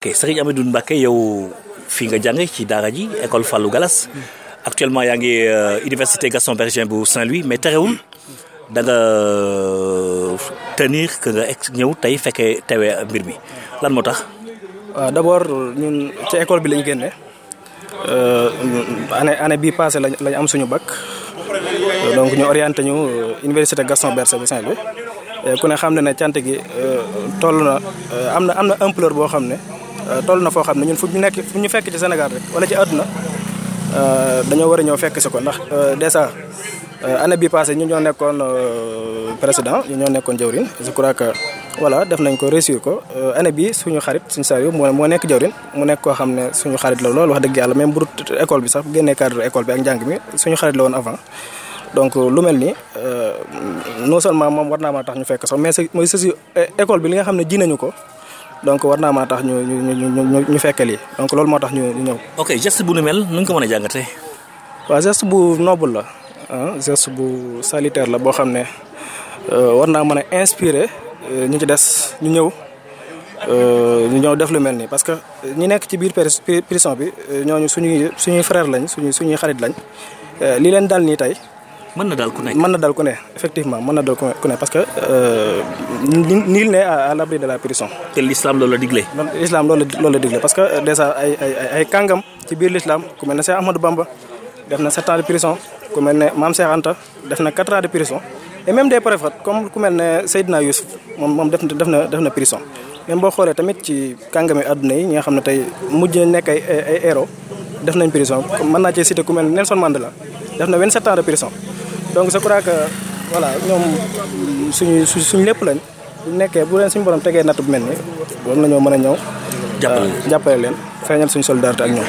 ok Serigne du Mbacke yow fii nga jàng ci daara ji école Fallou Galas actuellement yaa ngi euh, université Gaston Berger bu Saint-Louis mais terewul da nga euh, tenir que nga ñëw tey fekkee tewee mbir mi lan moo tax. waaw d'abord ñun ci école bi lañu génne euh, année année bii passé lañ lañ am suñu bac donc ñu orienté ñu université Gaston Berger bu Saint-Louis ku ne xam na ne cant gi toll na am na am na ampleur boo xam ne. Euh, toll na foo xam ne ñun fu ñu nekk fu ñu fekk ci Sénégal rek wala ci àdduna euh, dañoo war a ñëw fekk si ko ndax euh, dèjà année bi passé ñu ñoo nekkoon président ñu ñoo nekkoon jawrin je crois que voilà def nañ ko réussir ko année bi suñu xarit suñu saa yu moo nekk jawrin mu nekk koo xam ne suñu xarit la lool wax dëgg yàlla même bu école bi sax bu génnee cadre école bi ak njàng mi suñu xarit la woon avant donc lu mel ni non seulement moom war naa mën tax ñu fekk sax mais mooy sasi école bi li nga xam ne ji nañu ko donc war naa mën a tax ñu ñu ñu ñu fekk lii donc loolu moo tax ñu ñëw. ok geste bu nu mel nu nga ko mën a jàngatee. waaw geste bu noble la ah geste bu salutaire la boo xam ne euh, war naa mën a inspirer euh, ñu ci des ñu ñëw euh, ñu ñëw def lu mel nii parce que ñu nekk ci biir prison bi ñooñu suñuy suñuy frère lañ suñuy suñuy xarit lañ li leen dal nii tey. mën na daal ku ne. na dal ku ne effectivement mën na dal ku ne parce que euh, niil ne à l'abri de la prison. te l'islam loolu la digle. l'islam loolu la loolu la parce que euh, déjà ay ay ay kàngam ci biir l'islam ku mel ne Cheikh Ahmadou Bamba def na sept ans de prison ku mel ne Mame Cheikh def na prison et moom moom def na def na def na prison. même boo xoolee tamit ci kàngami adduna yi ñi nga xam ne tey mujj na nekk ay ay def nañ prison mën naa cee citer ku mel Nelson Mandela def na 27 de prison. donc je crois que voilà ñoom suñu suñ lépp lañ bu nekkee bu leen suñu borom tegee natt bu mel ni war nañoo mën a ñëw. jàppale leen euh, leen feeñal suñu solidarité ak ñoom.